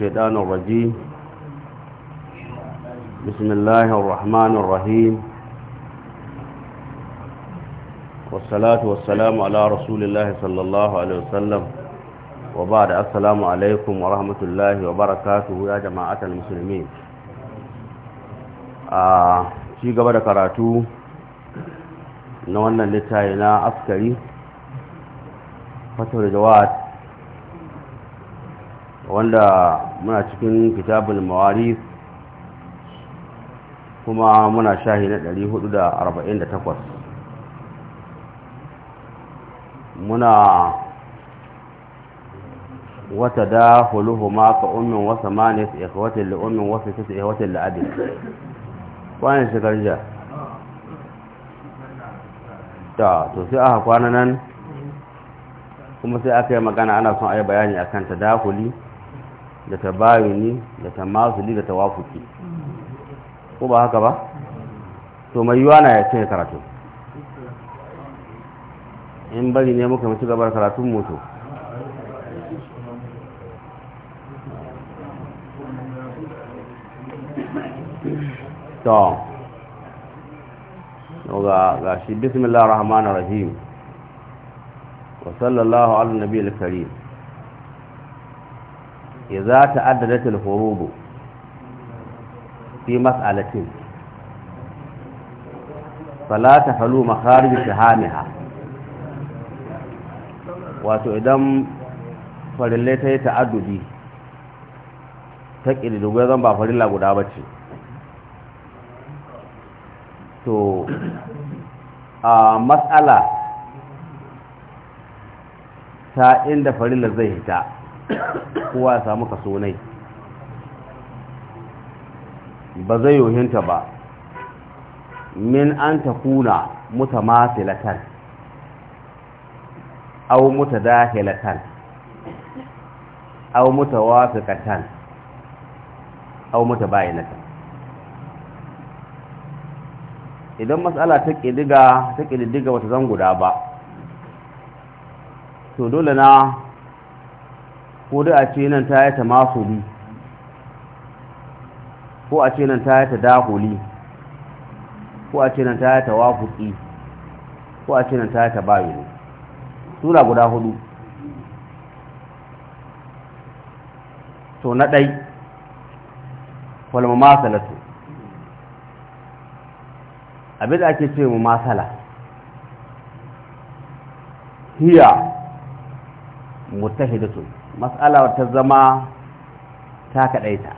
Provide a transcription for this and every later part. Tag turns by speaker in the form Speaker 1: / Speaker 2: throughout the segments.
Speaker 1: الشيطان الرجيم بسم الله الرحمن الرحيم والصلاة والسلام على رسول الله صلى الله عليه وسلم وبعد السلام عليكم ورحمة الله وبركاته يا جماعة المسلمين ci gaba da karatu na wannan littafi na askari fatar jawad wanda muna cikin kitabun mawari kuma muna shahi na 448 muna wata da huluhu ka umin wasa manis ikwatin la'umin wasu su ikwatin la'adin kwanan shigarja ta to sai aka kwana nan kuma sai aka yi magana ana son a yi bayani akan ta dakuli da tabayuni da tamasuli da tawafuki ko ba haka ba to mai yiwa na ya ce karatu in bari ne muka mutu gabar karatun mutu to ga shi bismillah rahman rahim wa sallallahu ala nabi al-karim za ta addada tilhorobo fi mas'alatin falata halu makarbi ta hamiha wato idan farillai ta yi ta'addudi ta ƙirgirgwai zan ba farilla guda ba ce to a matsala ta inda farilla zai hita kowa ya samu kaso nai ba zai yohinta ba min an ta kuna mutamasilatan au mutadahilatan au mutawafiqatan au mutabayinatan idan matsala ta ƙidiga ƙididdiga wata zanguda ba to dole na ko da a ce nan ta yi ta masoli ko a ce nan ta yi ta dahuli ko a ce nan ta yi ta wakuti ko a ce nan ta yi ta bayani tura guda hudu to na ɗai walma masalatu abin da ake ce mu masala hiya mutahidatu matsala ta zama ta kaɗaita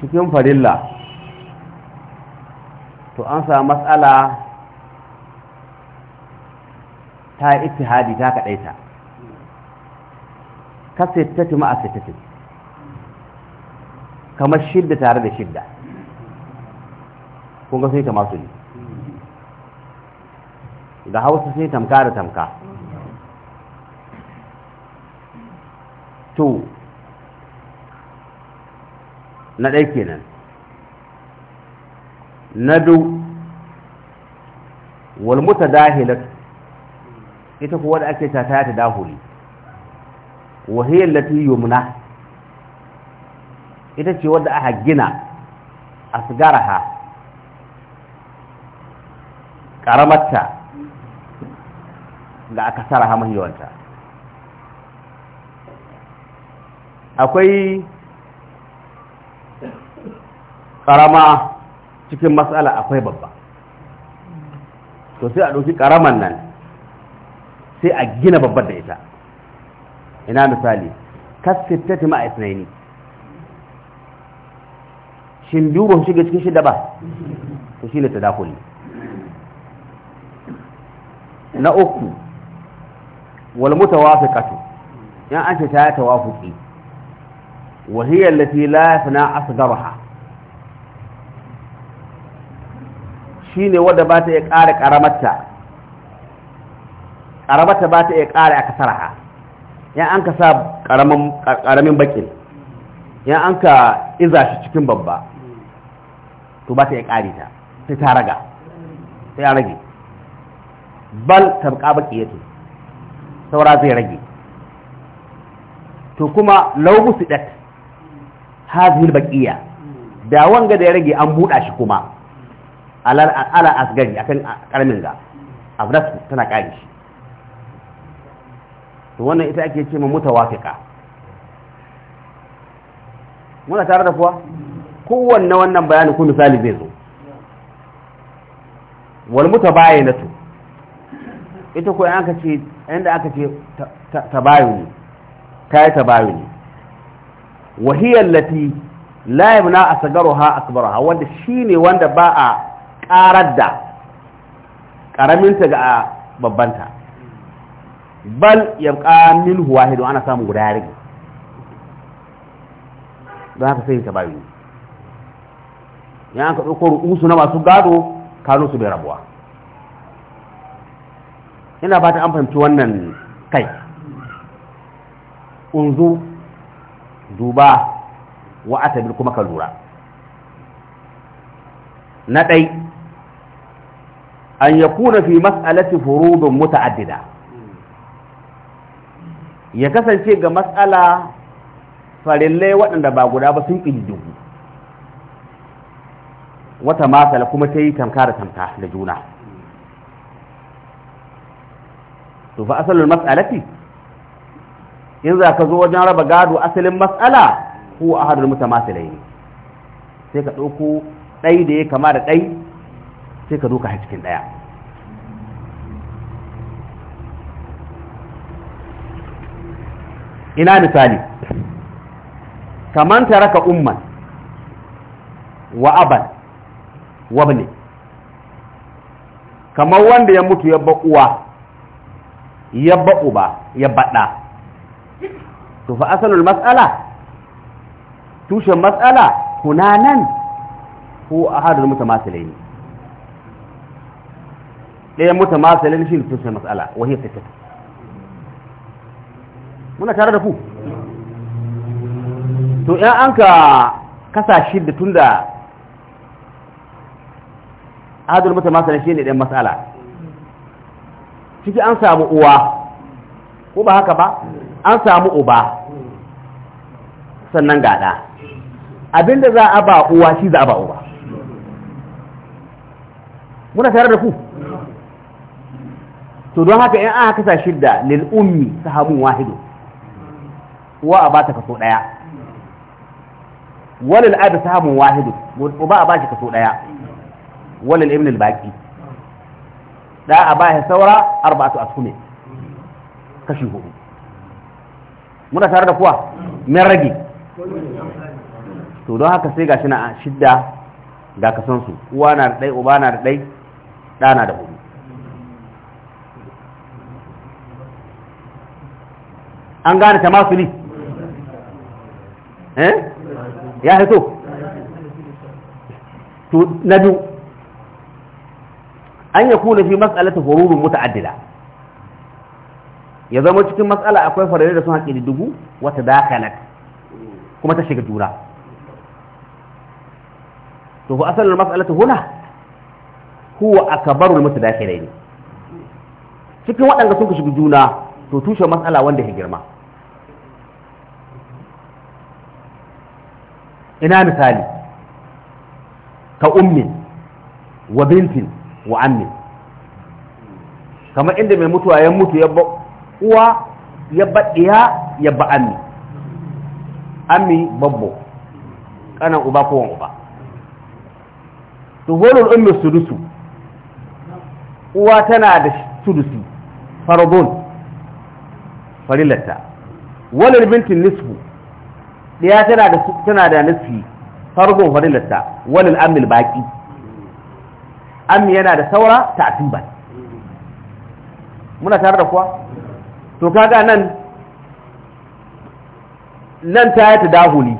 Speaker 1: cikin farilla to an sami matsala ta ittihadi ta kaɗaita ta sittati ma'a sittati kamar shidda tare da shidda kun ga sai ta masu ne ga hausa sai tamka da tamka to na ɗaya kenan na du walmuta dahilar ita kuwa da ake tata ta dahuli wahiyar lati yumna ita ce wadda aka gina a sigara ha ƙaramarta ga aka hamar yawanta. akwai karama cikin matsala akwai babba to sai a ɗauki karaman nan sai a gina babbar da ita ina misali kasfittati ma'a isnaini shin duba shi ga cikin shida ba to shine dakuli na uku wal mutawafiqatu yan an ce ta tawafuqi وهي التي لا يفنى أصغرها shine wadda ba ta iya ƙara ƙaramarta ƙaramarta ba ta iya ƙara a kasarha yan an ka sa ƙaramin bakin yan an ka iza cikin babba to ba ta iya ta sai ta raga sai ya rage bal ta buƙa baƙi yake saura zai rage to kuma laubu su hazihil baqiya da wanga da ya rage an buɗa shi kuma ala ala asgari akan karamin ga abdas tana kare shi to wannan ita ake ce mutawafiqa muna tare da kuwa kowanne wannan bayani ko misali zai zo wal mutabayinatu ita ko an ka ce inda aka ce tabayuni ta tabayuni wahiyar lati layim na a sagaruha a wanda shi ne wanda ba a ƙarar da ƙaraminta ga babbanta bal ya ƙamin huwahidu ana samun guda rigi don haka sai ta bayu yan ka ɗauko ru'usu na masu gado kano su bai rabuwa ina bata an fahimci wannan kai unzu duba wa kuma ka lura na ɗai an yakuna fi mas'alati furudun muta'addida ya kasance ga mas'ala farillai waɗanda ba guda ba sun ƙididdigu wata masala kuma ta yi tamka da tamka da juna to fa asalul mas'alati in za ka zo wajen raba gado asalin matsala ko a hadar masu ne sai ka ɗauko ɗai da ya kama da ɗai sai ka doka cikin ɗaya ina misali kamanta raka umman wa aban wabne kamar wanda ya mutu ya baƙuwa ya ba ya baɗa to fa asalul mas'ala tushen mas'ala hunanan ko ahadul mutamasilai ne ɗayan mutamasilai shi ne tushen mas'ala ta. tattata muna tare da ku
Speaker 2: to in an ka
Speaker 1: kasa da tun da ahadul mutamasilai shi ne ɗayan mas'ala ciki an samu uwa ko ba haka ba an samu uba sannan gada abinda za a ba uwa shi za a ba uba muna tare da ku to don haka in an sa shidda lil ummi hamun wahido uwa a ba ta kaso daya walil abi hamun wahidu uba a ba shi kaso daya walil ibn al baqi da a ba shi saura arba'atu asfumi kashi hudu muna tare da kuwa mai rage to don haka sai gashi na shidda ga kasan su uwa na da ɗai uba na da ɗai ɗa na da hudu an gane ta masuli eh ya hito to na biyu an yakuna fi mas'alatu fururun muta'addila ya zama cikin matsala akwai farare da sun haƙi dubu wata dakalat kuma ta shiga jura to ku asalin matsalata huna huwa akabarul mutadakhirai ne cikin waɗanda sun shiga juna to tushen matsala wanda ya girma ina misali ka ummin wa bintin wa ammin kamar inda mai mutuwa ya mutu ya uwa ya ba ɗiya ya ba Ami. Ami babbo ƙanan uba kowan uba tuhulul ummi sudusu uwa tana da sudusi faradun farilata walil bintin nisfu ɗiya tana da tana da nisfi faradun farilata walil ammi baki ami yana da saura ta'tiban muna tare da kuwa to kaga nan nan ta yi tadahuli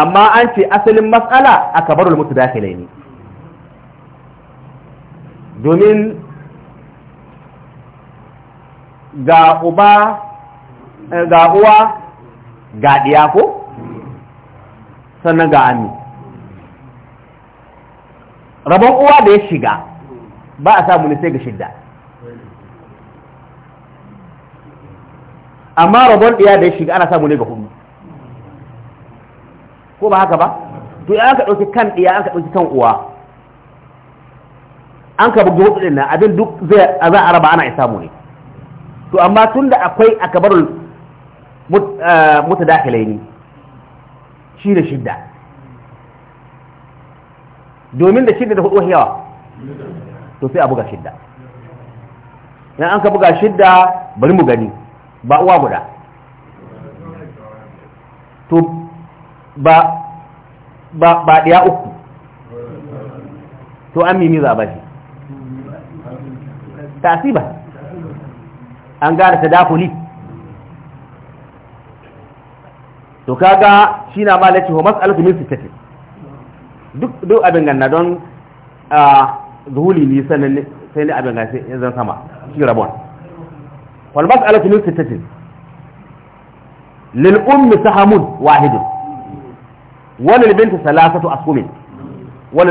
Speaker 1: amma an ce asalin matsala a kabarul mutu dakilai ne domin ga uba ga uwa ga ko sannan ga ami rabon uwa da ya shiga ba a samu ne sai ga shidda amma rabon ɗaya da ya shiga ana samu ne ga hudu ko ba haka ba to ya aka ɗauki kan ɗaya an ka ɗauki kan uwa an ka bugu hudu ɗin nan abin duk zai a za a raba ana samu ne to amma tun da akwai a akabarul mutu eh, ne shi da shidda domin da shidda da hudu yawa to sai a buga shidda in an ka buga shidda bari mu gani ba uwa guda to ba ba ba ɗaya uku to an mimi za Ta si tasiba an gara ta dafuli to kaga shi na ma lati homas min sittati duk duk abin ganna don a ah, zuhuli ni sanin sai ni abin ganna sai zan sama shi rabon wal mas'alatu min sittatin lil ummi sahamun wahid wa lil salasatu ashumin wa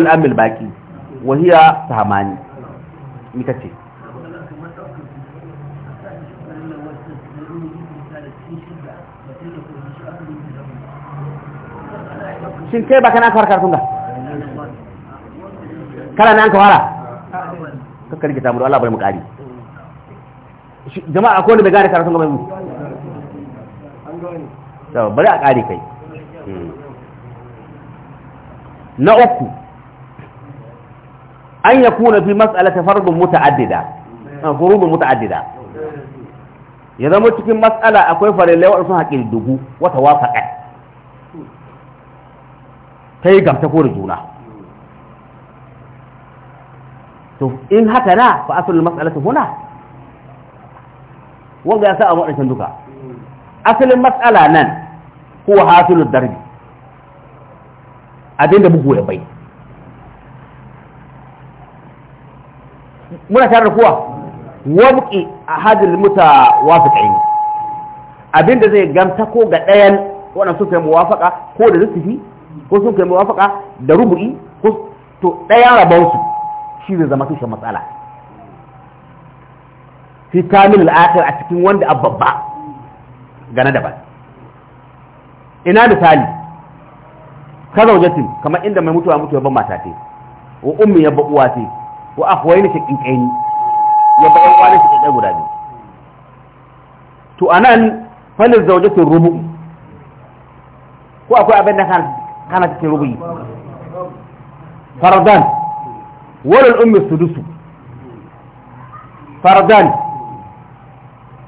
Speaker 1: ce shin kai ba kana farkar tunga kana nan ka fara kakkar mu Allah bai mu kari jama'a akwai wanda bai gane karatun gaba mu to bari a kare kai hmm. na uku an ya kuna fi mas'alati fardun muta'addida ah, furudun muta'addida ya zama cikin matsala akwai farillai waɗansu haƙin dubu wata ƙai. ta yi gamta ko da juna to in haka na fa asalin matsalata huna wanda ya sa a waɗancan duka asalin matsala nan huwa hasulun darbi abinda bugu ya bai muna tare da kuwa wabki a hajjil muta wasu ƙaimi abinda zai gamta ko ga ɗayan waɗanda sun kai muwafaka ko da zuttufi ko sun kai muwafaka da rubu'i ko to ɗaya rabonsu shi zai zama tushen matsala fi kamilul akhir a cikin wanda abba gane daban ina misali ka zaujatin kamar inda mai mutuwa mutuwa ban mata ce wa ummi ya ba uwa ce wa akhwayni shaqiqaini ya ba yan shi shaqiqai guda biyu to anan fannin zaujatin rubu ko akwai abin da kan kana cikin rubu fardan wal ummi sudusu fardan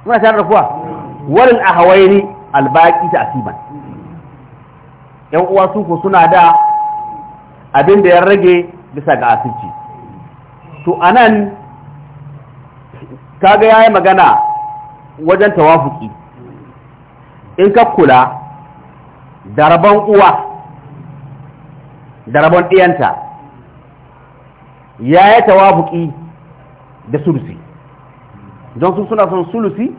Speaker 1: muna tare da kuwa walil ahawaini albaki ta asiban yan uwa su ko suna da abin da ya rage bisa ga asirci to a nan kaga yayi magana wajen tawafuki in ka kula rabon uwa rabon ɗiyanta, ya yi tawafuki da sursi don su suna son sulusi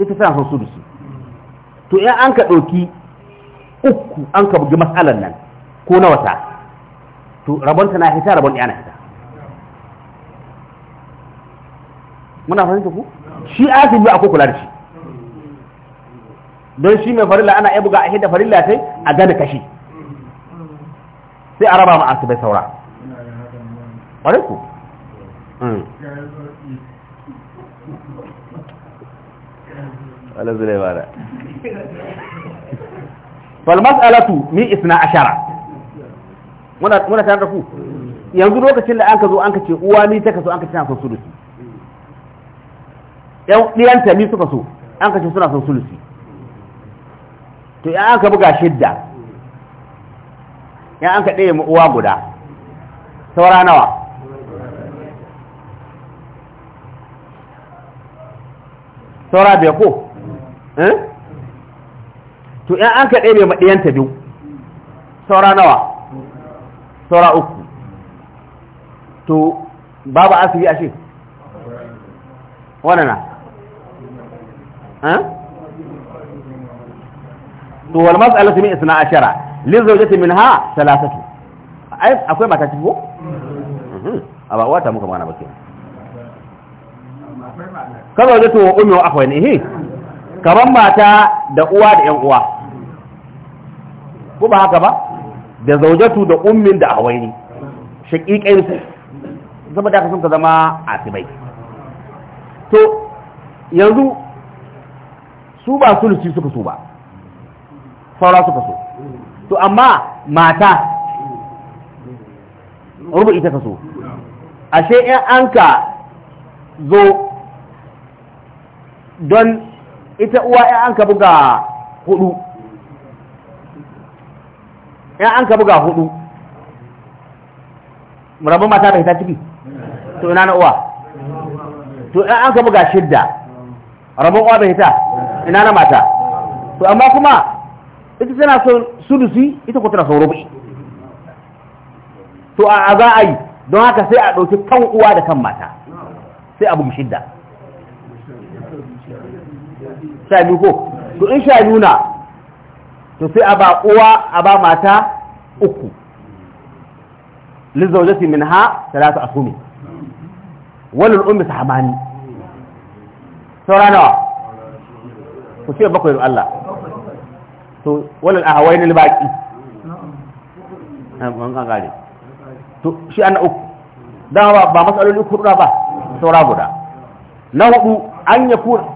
Speaker 1: ita tana son sulusi to ya an ka ɗauki uku an ka bugi matsalar nan ko na wata to rabonta na hita rabon ɗaya na hita muna fahimta ku shi asibi akwai kula da shi don shi mai farilla ana ebuga buga a hita farilla sai a gane kashi sai a raba ma asibai saura ƙwarai ku hmm. wala zulaimana fal mas'alatu mi isna ashara muna muna tare da ku yanzu lokacin da an ka zo an ka ce uwa ni ta so an ka ce son sulusi yau diyanta ni suka so an ka ce suna son sulusi to ya an ka buga shidda ya an ka ɗaya uwa guda saura nawa saura bai ko Eh? to in an ka mai maɗiyanta biyu saura nawa saura uku to babu yi a shi wanana eh? to wal mas'alatu min isna ashara li zawjati minha thalathatu ai akwai mata ko mhm. a ba wata muka mana ba kenan zai wajatu wa ummi wa akhwanihi kamar mata da uwa da yan uwa ko ba haka ba da zaujatu da ummin da hawaini shaƙiƙayin su zama da sun ka zama asibai to yanzu su ba sulusi suka so ba saura suka so to amma mata rubu ita ka so ashe 'yan anka zo don ita uwa ya an ka buga hudu ya an ka buga hudu murabba mata da hita ciki to ina na uwa to ya an ka buga shidda rabon uwa da hita ina na mata to amma kuma ita tana so sudusi ita ko tana so rubu'i to a za a yi don haka sai a ɗauki kan uwa da kan mata sai abu bugi shidda sha ko to in sha biyu na to sai a ba uwa a ba mata uku lizaujati min ha talata asumi walil ummi sahabani saura nawa ku ce bakwai da Allah to walil ahawai na libaki an gare to shi ana uku dama ba matsaloli uku ba saura guda na hudu an ya kura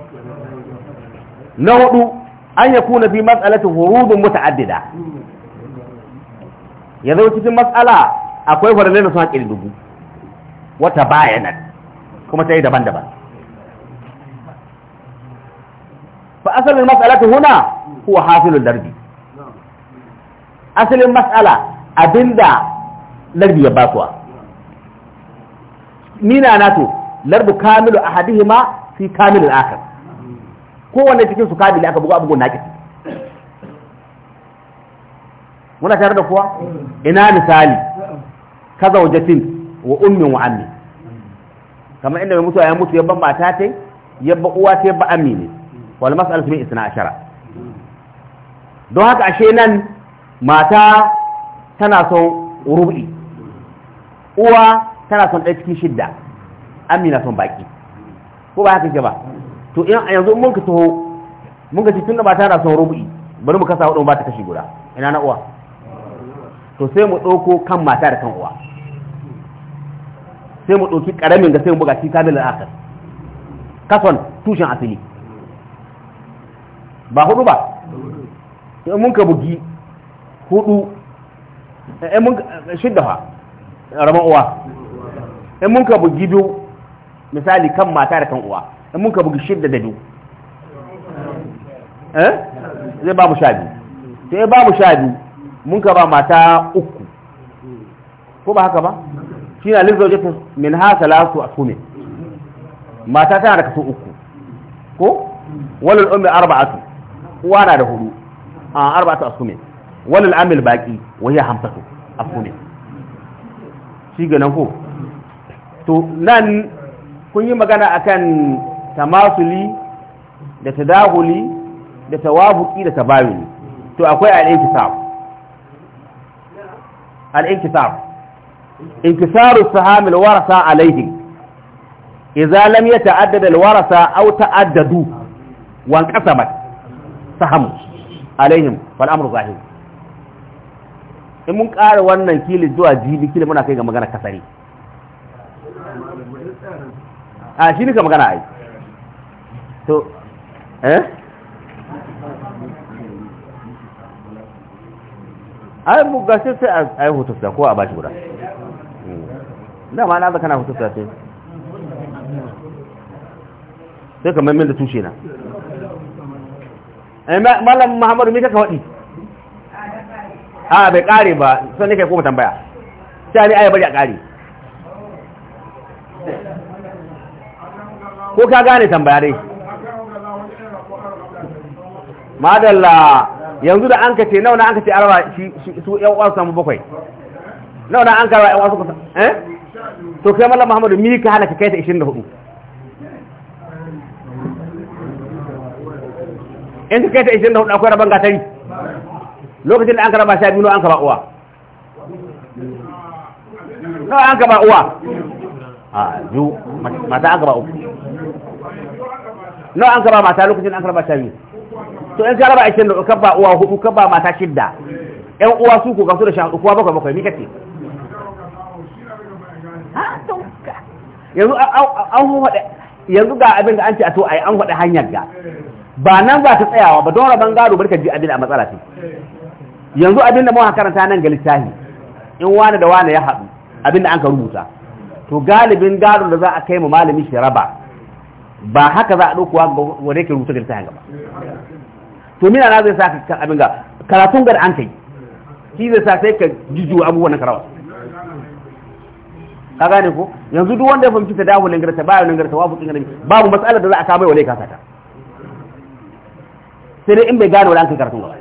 Speaker 1: na hudu an ya kuna fi matsalata hurudun addida, ya zama cikin matsala akwai farallai da suna dubu, wata bayanan kuma ta yi daban-daban fa asalin matsalata huna kuwa hafilun darbi asalin matsala abinda larbi ya basuwa mina na to larbi kamilu hadihima fi kamilu akar kowanne cikin su kabili aka buga abubuwan naki muna tare da kuwa ina misali ka zaujatin wa ummin wa ammi kamar inda mai mutuwa ya mutu yabban mata ta yabba uwa ta yabba ammi ne wal mas'alatu min isna ashara don haka ashe nan mata tana son rubi uwa tana son ɗaya cikin shidda ammi na son baki ko ba haka ke ba to in yanzu mun ka taho mun ka ce tun da ba tana rubu'i bari mu kasa hudu ba ta kashi guda ina na uwa to sai mu ɗauko kan mata da kan uwa sai mu ɗauki ƙaramin da sai mu buga shi kamil al'akar kason tushen asili ba hudu ba in mun ka bugi hudu eh, in mun eh, shidda fa ramar uwa in mun ka bugi biyu misali kan mata da kan uwa in mun ka bugi shidda da biyu eh zai ba mu sha biyu to ya ba mu sha biyu mun ka ba mata uku ko ba haka ba shi na lizzo jata min ha salatu a asumin mata tana da kaso uku ko walil ummi arba'atu uwa na da hudu a ah, arba'atu asumin walil amil baki wa hiya hamsatu asumin shi ganan ko to nan kun yi magana akan tamasuli da tadahuli da tawafuki da tabayuni to akwai al-inkisab al-inkisab inkisaru saham al-warasa alaihim idza lam yata'addad al-warasa aw ta'addadu wa anqasamat saham alaihim fal amru zahir in mun ƙara wannan kili zuwa jibi kili muna kai ga magana kasari a shi ne ka magana ai to eh ai bugashe sai ai hoto sai ko a bashi guda hmm. da ma na zaka na hoto sai sai kamar min da tushe na eh, malam muhammadu mika ka waɗi a bai ƙare ba sai ne kai ko tambaya sai ne bari a ƙare ko ka gane tambaya dai
Speaker 2: madalla yanzu da
Speaker 1: an kace nauna an kace araba su yan uwan samu bakwai nauna an karba yan uwan suka eh to kai mallam Muhammadu mi ka hana ka kai ta 24 in ka kai ta 24 akwai raban gatari lokacin da an karba sha biyu an ba uwa nawa an ba uwa a ju mata an ba uku nawa an karba mata lokacin an karba sha biyu to in ka raba da ka ba uwa hudu ka ba mata shidda yan uwa su ku gasu da shan uwa bakwai bakwai ni kace yanzu an yanzu ga abin da an ce a to ai an hada hanyar ga ba nan ba ta tsayawa ba don raban gado barka ji abin a matsala ce yanzu abin da muka karanta nan ga littafi in wani da wani ya haɗu abin da an ka rubuta to galibin gado da za a kai mu malami shi raba ba haka za a ɗaukuwa wadda yake rubuta da littafin gaba to mina na zai sa ka abin ga karatun gar an kai shi zai sa sai ka jiju abubuwan karawa ka gane ko yanzu duk wanda ya fahimci ta dawo lingar ta bayan lingar ta wa fukin babu matsala da za a kama wale ka sata sai dai in bai gane wani an kai karatun gaba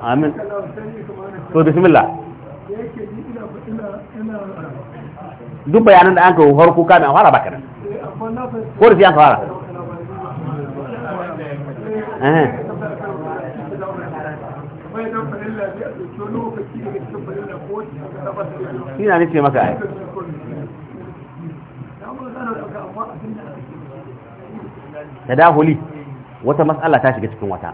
Speaker 1: amin to bismillah duk bayanan da an kai farko kamin a fara baka nan ko da sai an fara shi eh. na nufi maka ta da dahuli wata matsala ta shiga cikin wata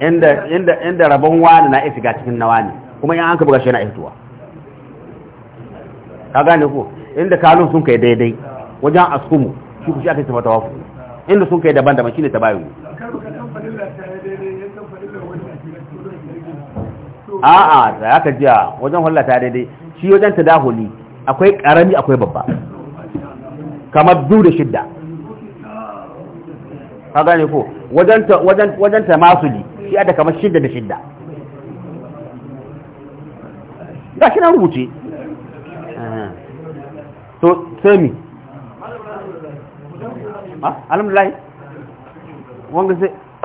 Speaker 1: inda rabon wani na iya shiga cikin nawa ne kuma yan an ka buga shi na ihtuwa ka gane ku inda kalun sun kai daidai wajen askumu shi ku shi aka yi tafata wafu inda sun kai daban-daban shine tabayun a'a da aka jiya wajen hulla ta daidai shi wajen dahuli akwai karami akwai babba kamar biyu da shidda ka gane ko wajen ta masu ji shi ada kamar shidda da shidda ga shi na rubuce to sai Ah, alhamdulillah wa sai